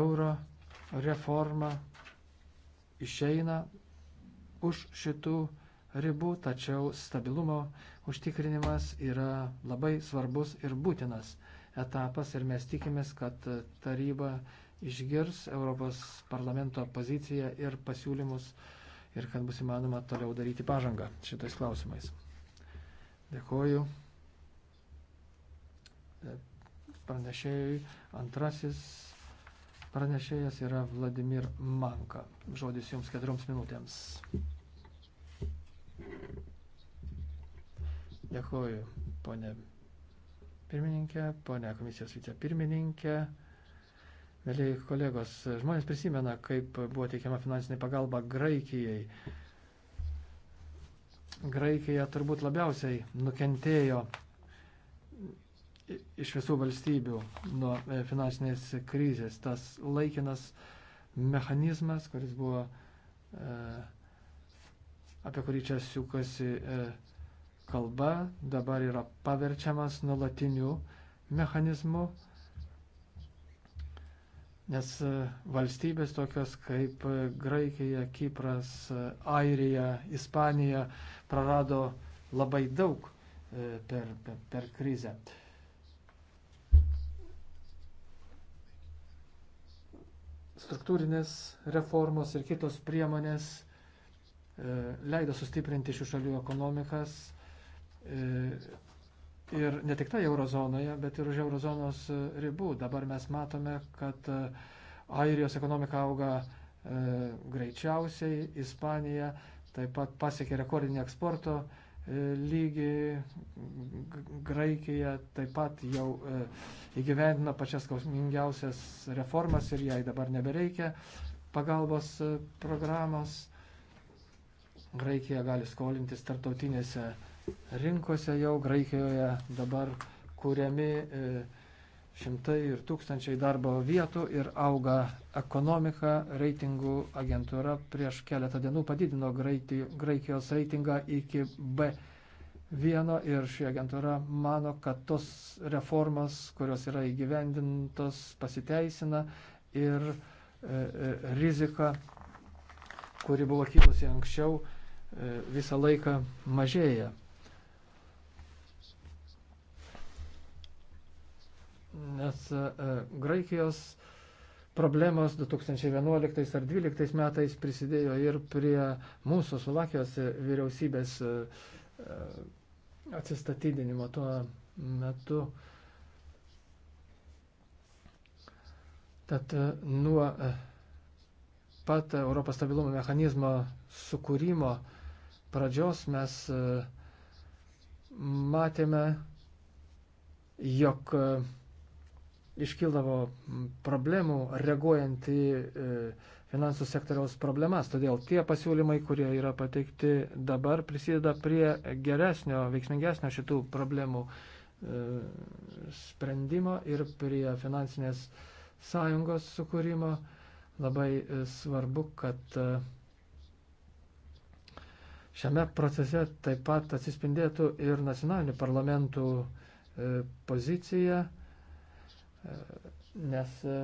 euro reforma išeina už šitų ribų, tačiau stabilumo užtikrinimas yra labai svarbus ir būtinas etapas ir mes tikimės, kad taryba išgirs Europos parlamento poziciją ir pasiūlymus ir kad bus įmanoma toliau daryti pažangą šitais klausimais. Dėkoju e, pranešėjui. Antrasis pranešėjas yra Vladimir Manka. Žodis jums keturioms minutėms. Dėkoju, ponė pirmininkė, ponė komisijos vicepirmininkė. Mėlyi kolegos, žmonės prisimena, kaip buvo teikiama finansinė pagalba Graikijai Graikija turbūt labiausiai nukentėjo iš visų valstybių nuo e, finansinės krizės. Tas laikinas mechanizmas, kuris buvo, e, apie kurį čia siūkasi e, kalba, dabar yra paverčiamas nuolatiniu mechanizmu nes e, valstybės tokios kaip e, Graikija, Kipras, e, Airija, Ispanija prarado labai daug per, per, per krizę. Struktūrinės reformos ir kitos priemonės leido sustiprinti šių šalių ekonomikas, ir ne tik tai eurozonoje, bet ir už eurozonos ribų. Dabar mes matome, kad e, Airijos ekonomika auga e, greičiausiai, Ispanija taip pat pasiekė rekordinį eksporto e, lygį, Graikija taip pat jau e, įgyvendino pačias skausmingiausias reformas ir jai dabar nebereikia pagalbos e, programos. Graikija gali skolintis tarptautinėse e, rinkose jau Graikijoje dabar kūriami e, šimtai ir tūkstančiai darbo vietų ir auga ekonomika. Reitingų agentūra prieš keletą dienų padidino Graikijos reitingą iki B1 ir ši agentūra mano, kad tos reformas, kurios yra įgyvendintos, pasiteisina ir e, e, rizika, kuri buvo kilusi anksčiau, visą laiką mažėja. nes e, Graikijos problemos 2011 ar 2012 metais prisidėjo ir prie mūsų Slovakijos vyriausybės e, e, atsistatydinimo tuo metu. Tad nuo pat Europos stabilumo mechanizmo sukūrimo pradžios mes matėme, jog iškildavo problemų reaguojant į e, finansų sektoriaus problemas. Todėl tie pasiūlymai, kurie yra pateikti dabar, prisideda prie geresnio, veiksmingesnio šitų problemų e, sprendimo ir prie finansinės sąjungos sukūrimo. Labai e, svarbu, kad šiame procese taip pat atsispindėtų ir nacionalinių parlamentų pozicija nes e,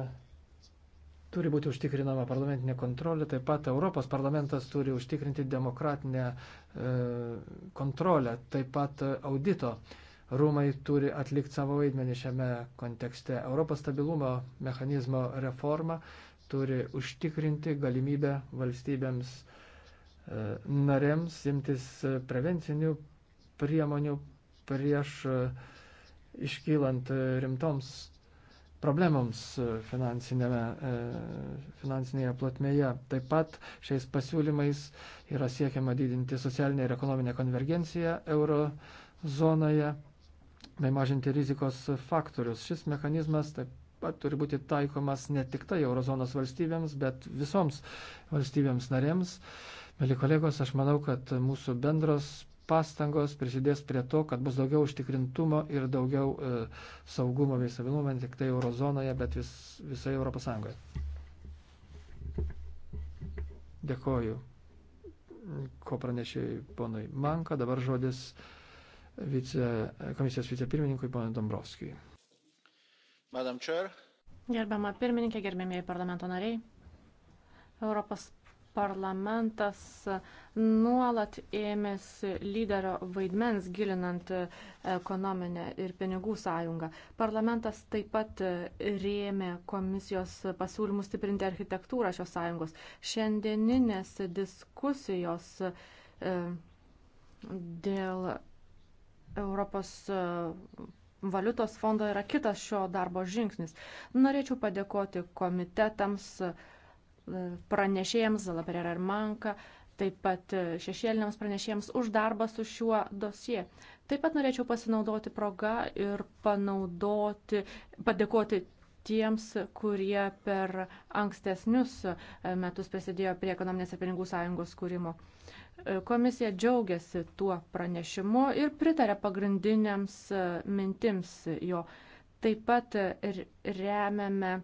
turi būti užtikrinama parlamentinė kontrolė, taip pat Europos parlamentas turi užtikrinti demokratinę e, kontrolę, taip pat audito rūmai turi atlikti savo vaidmenį šiame kontekste. Europos stabilumo mechanizmo reforma turi užtikrinti galimybę valstybėms e, narėms imtis prevencinių priemonių prieš iškylant rimtoms problemams e, e, finansinėje plotmėje. Taip pat šiais pasiūlymais yra siekiama didinti socialinę ir ekonominę konvergenciją euro zonoje bei mažinti rizikos faktorius. Šis mechanizmas taip pat turi būti taikomas ne tik tai eurozonos valstybėms, bet visoms valstybėms narėms. Mėly kolegos, aš manau, kad mūsų bendros pastangos prisidės prie to, kad bus daugiau užtikrintumo ir daugiau e, saugumo bei savinumo, ne tik tai eurozonoje, bet vis, visoje Europos Sąjungoje. Dėkoju, ko pranešėjai ponui Manka, dabar žodis vice, komisijos vicepirmininkui ponui Dombrovskijui. Madam Chair. Gerbiama pirmininkė, gerbėmėjai parlamento nariai. Europos parlamentas nuolat ėmėsi lyderio vaidmens gilinant ekonominę ir pinigų sąjungą. Parlamentas taip pat rėmė komisijos pasiūlymus stiprinti architektūrą šios sąjungos. Šiandieninės diskusijos e, dėl Europos e, valiutos fondo yra kitas šio darbo žingsnis. Norėčiau padėkoti komitetams, pranešėjams, Zalaperera ir Manka, taip pat šešėliniams pranešėjams už darbą su šiuo dosie. Taip pat norėčiau pasinaudoti progą ir panaudoti, padėkoti tiems, kurie per ankstesnius metus prisidėjo prie ekonominės ir pinigų sąjungos kūrimo. Komisija džiaugiasi tuo pranešimu ir pritarė pagrindiniams mintims jo. Taip pat remiame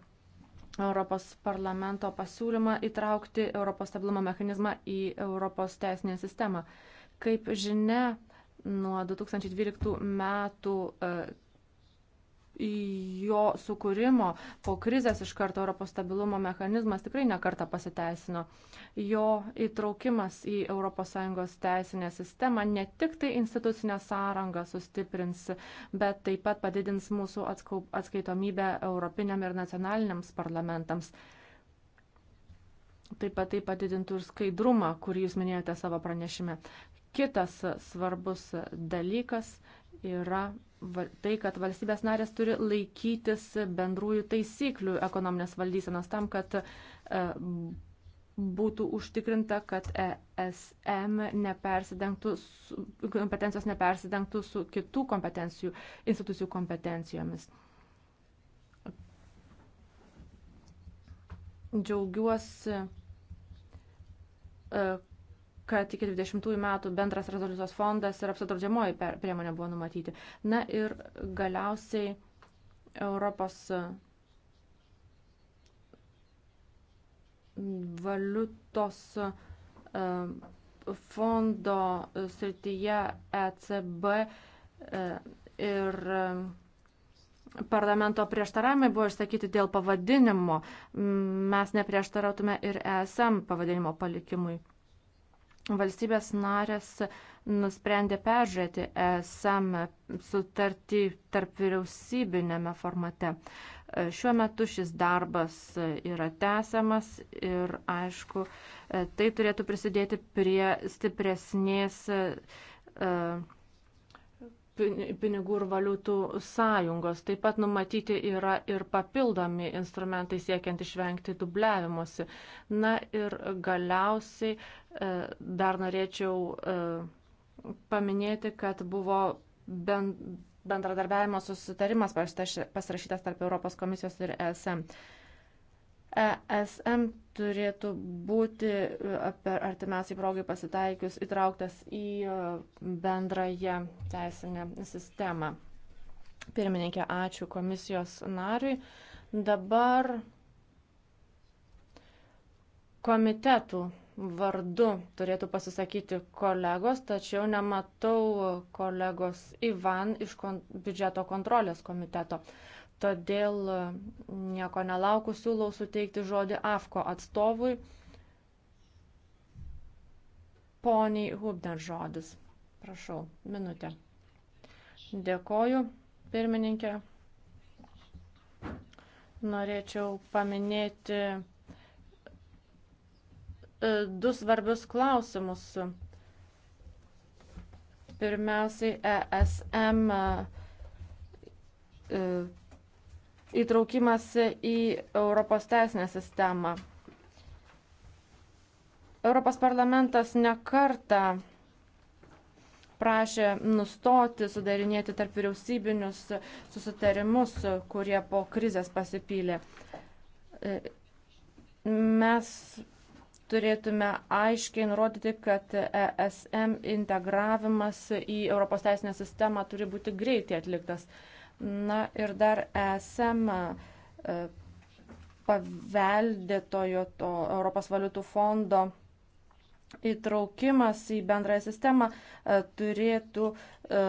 Europos parlamento pasiūlymą įtraukti Europos stabilumo mechanizmą į Europos teisinę sistemą. Kaip žinia, nuo 2012 metų e, jo sukūrimo po krizės iš karto Europos stabilumo mechanizmas tikrai nekarta pasiteisino. Jo įtraukimas į ES teisinę sistemą ne tik tai institucinę sąrangą sustiprins, bet taip pat padidins mūsų atskaitomybę europiniam ir nacionaliniams parlamentams. Taip pat tai padidintų ir skaidrumą, kurį jūs minėjote savo pranešime. Kitas svarbus dalykas yra tai, kad valstybės narės turi laikytis bendrųjų taisyklių ekonominės valdysenos tam, kad e, būtų užtikrinta, kad ESM nepersidengtų, kompetencijos nepersidengtų su kitų kompetencijų, institucijų kompetencijomis. Džiaugiuosi e, kad iki 20 metų bendras rezoliucijos fondas ir apsidraudžiamoji priemonė buvo numatyti. Na ir galiausiai Europos valiutos e, fondo srityje ECB e, ir e, parlamento prieštaravimai buvo išsakyti dėl pavadinimo. Mes neprieštarautume ir ESM pavadinimo palikimui valstybės narės nusprendė peržiūrėti ESM sutartį tarp vyriausybinėme formate. E, šiuo metu šis darbas yra tęsiamas ir, aišku, e, tai turėtų prisidėti prie stipresnės e, pinigų ir valiutų sąjungos. Taip pat numatyti yra ir papildomi instrumentai siekiant išvengti dubliavimuose. Na ir galiausiai e, dar norėčiau e, paminėti, kad buvo bendradarbiavimo susitarimas pasirašytas tarp Europos komisijos ir ESM. ESM turėtų būti e, per artimiausiai progai pasitaikius įtrauktas į e, bendrąją teisinę sistemą. Pirmininkė, ačiū komisijos nariui. Dabar komitetų vardu turėtų pasisakyti kolegos, tačiau nematau kolegos Ivan iš kon biudžeto kontrolės komiteto. Todėl e, nieko nelauku siūlau suteikti žodį AFKO atstovui. Poniai Hubner žodis. Prašau, minutę. Dėkoju, pirmininkė. Norėčiau paminėti e, du svarbius klausimus. Pirmiausiai, ESM e, įtraukimas į Europos teisinę sistemą. Europos parlamentas nekarta prašė nustoti sudarinėti tarp vyriausybinius susitarimus, kurie po krizės pasipylė. Mes turėtume aiškiai nurodyti, kad ESM integravimas į Europos teisinę sistemą turi būti greitai atliktas. Na ir dar esame paveldėtojo to Europos valiutų fondo įtraukimas į bendrąją sistemą e, turėtų e,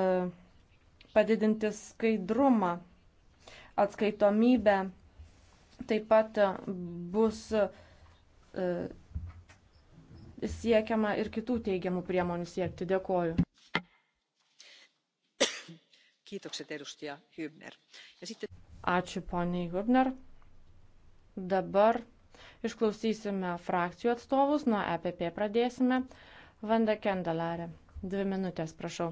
padidinti skaidrumą, atskaitomybę. Taip pat bus e, siekiama ir kitų teigiamų priemonių siekti. Dėkoju. Kiitokset edustaja Hübner. Ja sitten... Ačiū poniai Hübner. Dabar išklausysime frakcijų atstovus, nuo EPP pradėsime. Vanda Kendelarė, dvi minutės, prašau.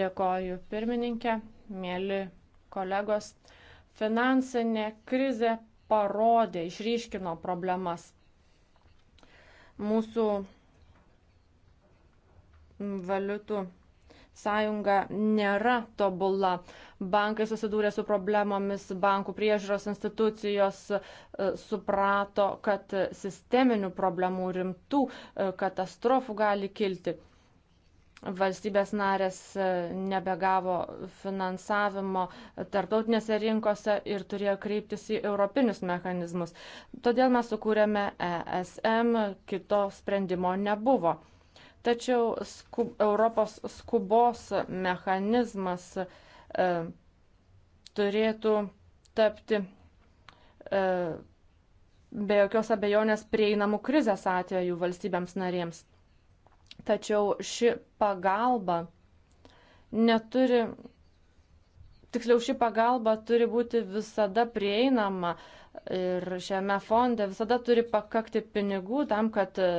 Dėkoju pirmininkė, mėly kolegos. Finansinė krizė parodė, išryškino problemas. Mūsų valiutų sąjunga nėra tobula. Bankai susidūrė su problemomis, bankų priežiūros institucijos e, suprato, kad sisteminių problemų rimtų e, katastrofų gali kilti. Valstybės narės e, nebegavo finansavimo tarptautinėse rinkose ir turėjo kreiptis į europinius mechanizmus. Todėl mes sukūrėme ESM, kito sprendimo nebuvo. Tačiau skub, Europos skubos mechanizmas e, turėtų tapti e, be jokios abejonės prieinamų krizės atveju valstybėms narėms. Tačiau ši pagalba neturi, tiksliau ši pagalba turi būti visada prieinama ir šiame fonde visada turi pakakti pinigų tam, kad e,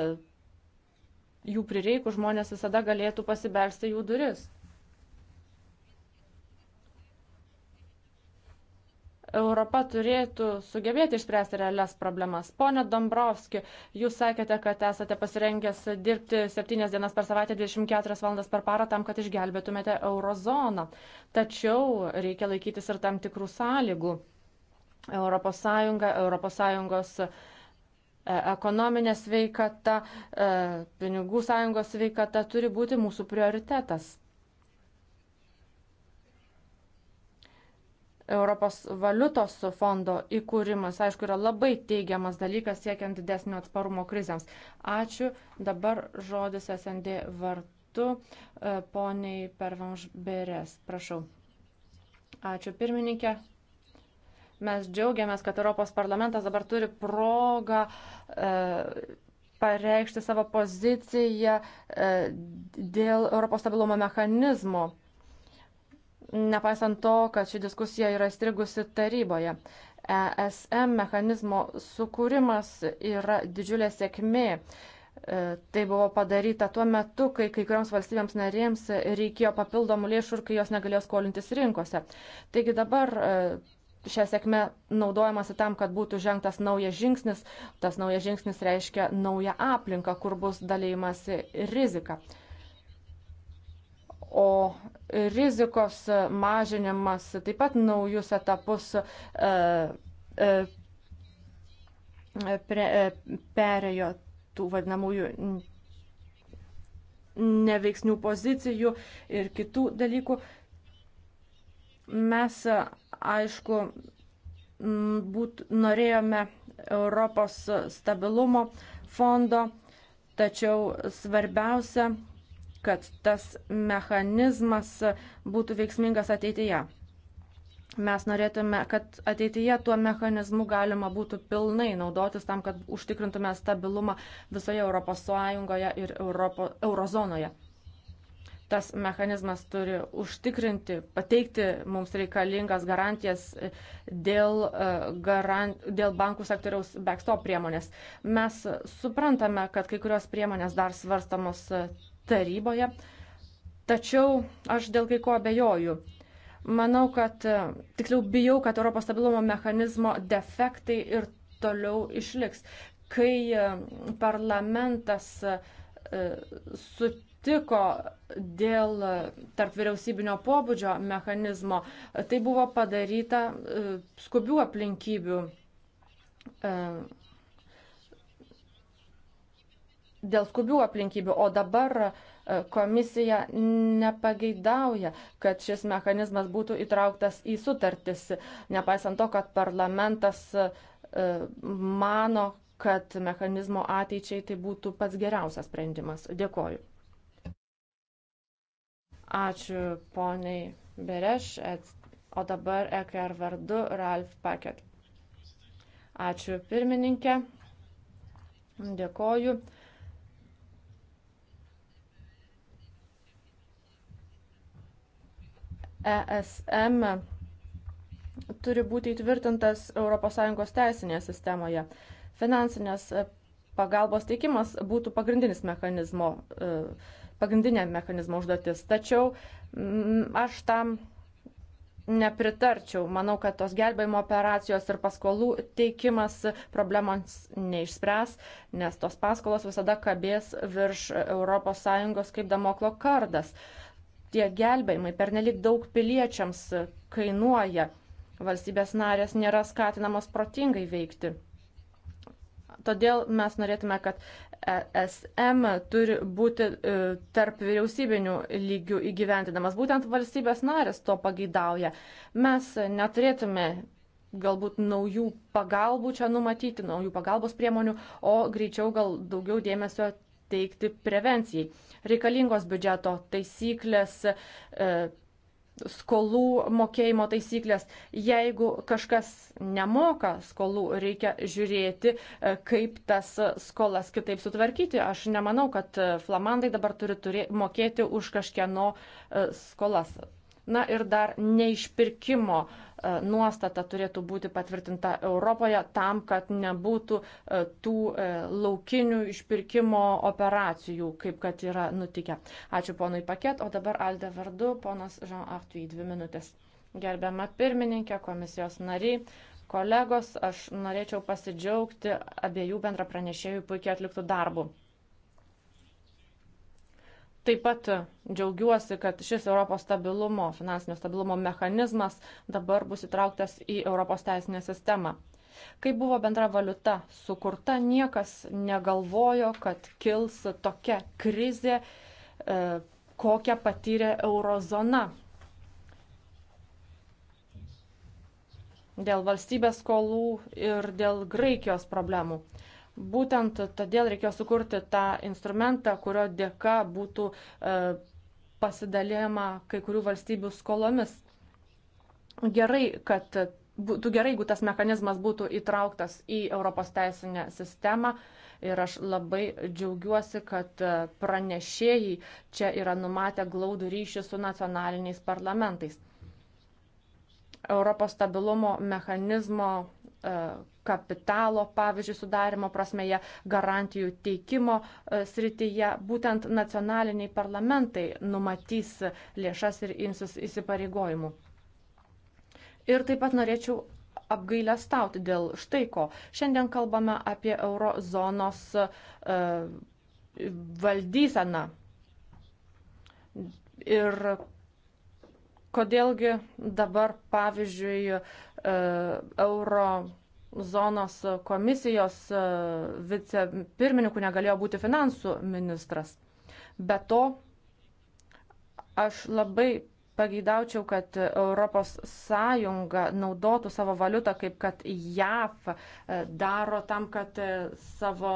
jų prireikų žmonės visada galėtų pasibelsti jų duris. Europa turėtų sugebėti išspręsti realias problemas. Pone Dombrovski, jūs sakėte, kad esate pasirengęs dirbti 7 dienas per savaitę, 24 valandas per parą tam, kad išgelbėtumėte eurozoną. Tačiau reikia laikytis ir tam tikrų sąlygų. Europos Sąjunga, Europos Sąjungos uh, E, ekonominė sveikata, e, pinigų sąjungos sveikata turi būti mūsų prioritetas. Europos valiutos fondo įkūrimas, aišku, yra labai teigiamas dalykas siekiant didesnio atsparumo krizėms. Ačiū. Dabar žodis SND vartu e, poniai Pervanš Berės. Prašau. Ačiū pirmininkė. Mes džiaugiamės, kad Europos parlamentas dabar turi progą e, pareikšti savo poziciją e, dėl Europos stabilumo mechanizmo nepaisant to, kad ši diskusija yra strigusi taryboje. ESM mechanizmo sukūrimas yra didžiulė sėkmė. E, tai buvo padaryta tuo metu, kai kai kurioms valstybėms narėms reikėjo papildomų lėšų ir kai jos negalėjo skolintis rinkose. Taigi dabar e, šią sėkmę naudojamasi tam, kad būtų žengtas naujas žingsnis. Tas naujas žingsnis reiškia naują aplinką, kur bus dalymasi rizika. O rizikos mažinimas taip pat naujus etapus e, e, pre, e, perėjo tų vadinamųjų neveiksnių pozicijų ir kitų dalykų. Mes Aišku, būt, norėjome Europos stabilumo fondo, tačiau svarbiausia, kad tas mechanizmas būtų veiksmingas ateityje. Mes norėtume, kad ateityje tuo mechanizmu galima būtų pilnai naudotis tam, kad užtikrintume stabilumą visoje ES ir Europo, eurozonoje tas mechanizmas turi užtikrinti, pateikti mums reikalingas garantijas dėl, e, garan, dėl bankų sektoriaus backstop priemonės. Mes suprantame, kad kai kurios priemonės dar svarstamos e, taryboje, tačiau aš dėl kai ko abejoju. Manau, kad e, tiksliau bijau, kad Europos stabilumo mechanizmo defektai ir toliau išliks. Kai parlamentas su atsitiko dėl e, tarp vyriausybinio pobūdžio mechanizmo, tai buvo padaryta e, skubių aplinkybių e, dėl skubių aplinkybių, o dabar komisija nepageidauja, kad šis mechanizmas būtų įtrauktas į sutartis, nepaisant to, kad parlamentas mano, kad mechanizmo ateičiai tai būtų pats geriausias sprendimas. Dėkoju. Ačiū poniai Bereš, o dabar EKR vardu Ralf Paket. Ačiū pirmininkė. Dėkoju. ESM turi būti įtvirtintas ES teisinėje sistemoje. Finansinės pagalbos teikimas būtų pagrindinis mechanizmo e, pagrindinė mechanizmo užduotis. Tačiau m, mm, aš tam nepritarčiau. Manau, kad tos gelbėjimo operacijos ir paskolų teikimas problemams neišspręs, nes tos paskolos visada kabės virš ES kaip damoklo kardas. Tie gelbėjimai pernelik daug piliečiams kainuoja. Valstybės narės nėra skatinamos protingai veikti. Todėl mes norėtume, kad ESM turi būti e, tarp vyriausybinių lygių įgyventinamas. Būtent valstybės narės to pageidauja. Mes neturėtume galbūt naujų pagalbų čia numatyti, naujų pagalbos priemonių, o greičiau gal daugiau dėmesio teikti prevencijai. Reikalingos biudžeto taisyklės, e, skolų mokėjimo taisyklės. Jeigu kažkas nemoka skolų, reikia žiūrėti, e, kaip tas skolas kitaip sutvarkyti. Aš nemanau, kad e, flamandai dabar turi turė, mokėti už kažkieno e, skolas. Na ir dar neišpirkimo uh, E, nuostata turėtų būti patvirtinta Europoje tam, kad nebūtų e, tų e, laukinių išpirkimo operacijų, kaip kad yra nutikę. Ačiū ponui Paket, o dabar Alde vardu ponas Jean Artui, dvi minutės. Gerbiama pirmininkė, komisijos nariai, kolegos, aš norėčiau pasidžiaugti abiejų bendrapranešėjų puikiai atliktų darbų. Taip pat džiaugiuosi, kad šis Europos stabilumo, finansinio stabilumo mechanizmas dabar bus įtrauktas į Europos teisinę sistemą. Kai buvo bendra valiuta sukurta, niekas negalvojo, kad kils tokia krizė, e, kokią patyrė eurozona. Dėl valstybės skolų ir dėl Graikijos problemų. Būtent todėl reikėjo sukurti tą instrumentą, kurio dėka būtų e, pasidalėjama kai kurių valstybių skolomis. Gerai, kad būtų gerai, jeigu tas mechanizmas būtų įtrauktas į Europos teisinę sistemą. Ir aš labai džiaugiuosi, kad e, pranešėjai čia yra numatę glaudų ryšį su nacionaliniais parlamentais. Europos stabilumo mechanizmo E, kapitalo, pavyzdžiui, sudarimo prasmeje, garantijų teikimo e, srityje. Būtent nacionaliniai parlamentai numatys lėšas ir imsis įsipareigojimų. Ir taip pat norėčiau apgailę stauti dėl štai ko. Šiandien kalbame apie eurozonos e, valdyseną. Ir Kodėlgi dabar, pavyzdžiui, e, euro zonos komisijos e, vicepirmininku negalėjo būti finansų ministras. Be to, aš labai pageidaučiau, kad ES naudotų savo valiutą, kaip kad JAF e, daro tam, kad e, savo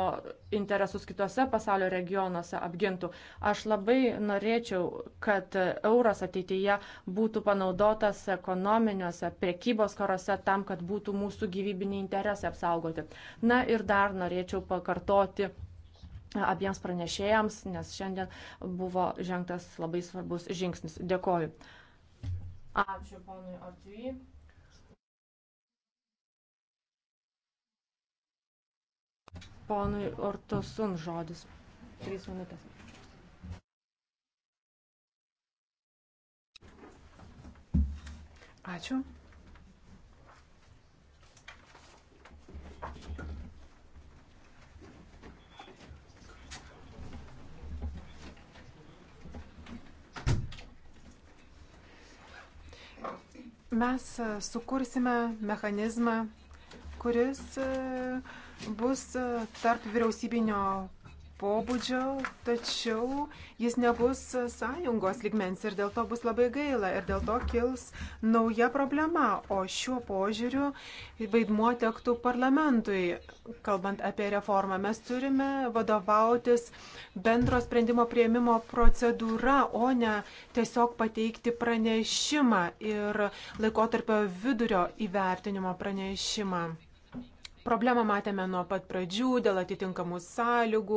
interesus kitose pasaulio regionuose apgintų. Aš labai norėčiau, kad euras ateityje būtų panaudotas ekonominiuose, prekybos karuose tam, kad būtų mūsų gyvybiniai interesai apsaugoti. Na ir dar norėčiau pakartoti abiems pranešėjams, nes šiandien buvo žengtas labai svarbus žingsnis. Dėkoju. Ačiū ponui Artui. Ponui Ortosun žodis. Trys minutės. Ačiū. Mes e, sukursime mechanizmą, kuris e, bus e, tarp vyriausybinio pobūdžio, tačiau jis nebus sąjungos ligmens ir dėl to bus labai gaila ir dėl to kils nauja problema. O šiuo požiūriu vaidmuo tektų parlamentui, kalbant apie reformą. Mes turime vadovautis bendro sprendimo prieimimo procedūra, o ne tiesiog pateikti pranešimą ir laikotarpio vidurio įvertinimo pranešimą. Problemą matėme nuo pat pradžių dėl atitinkamų sąlygų,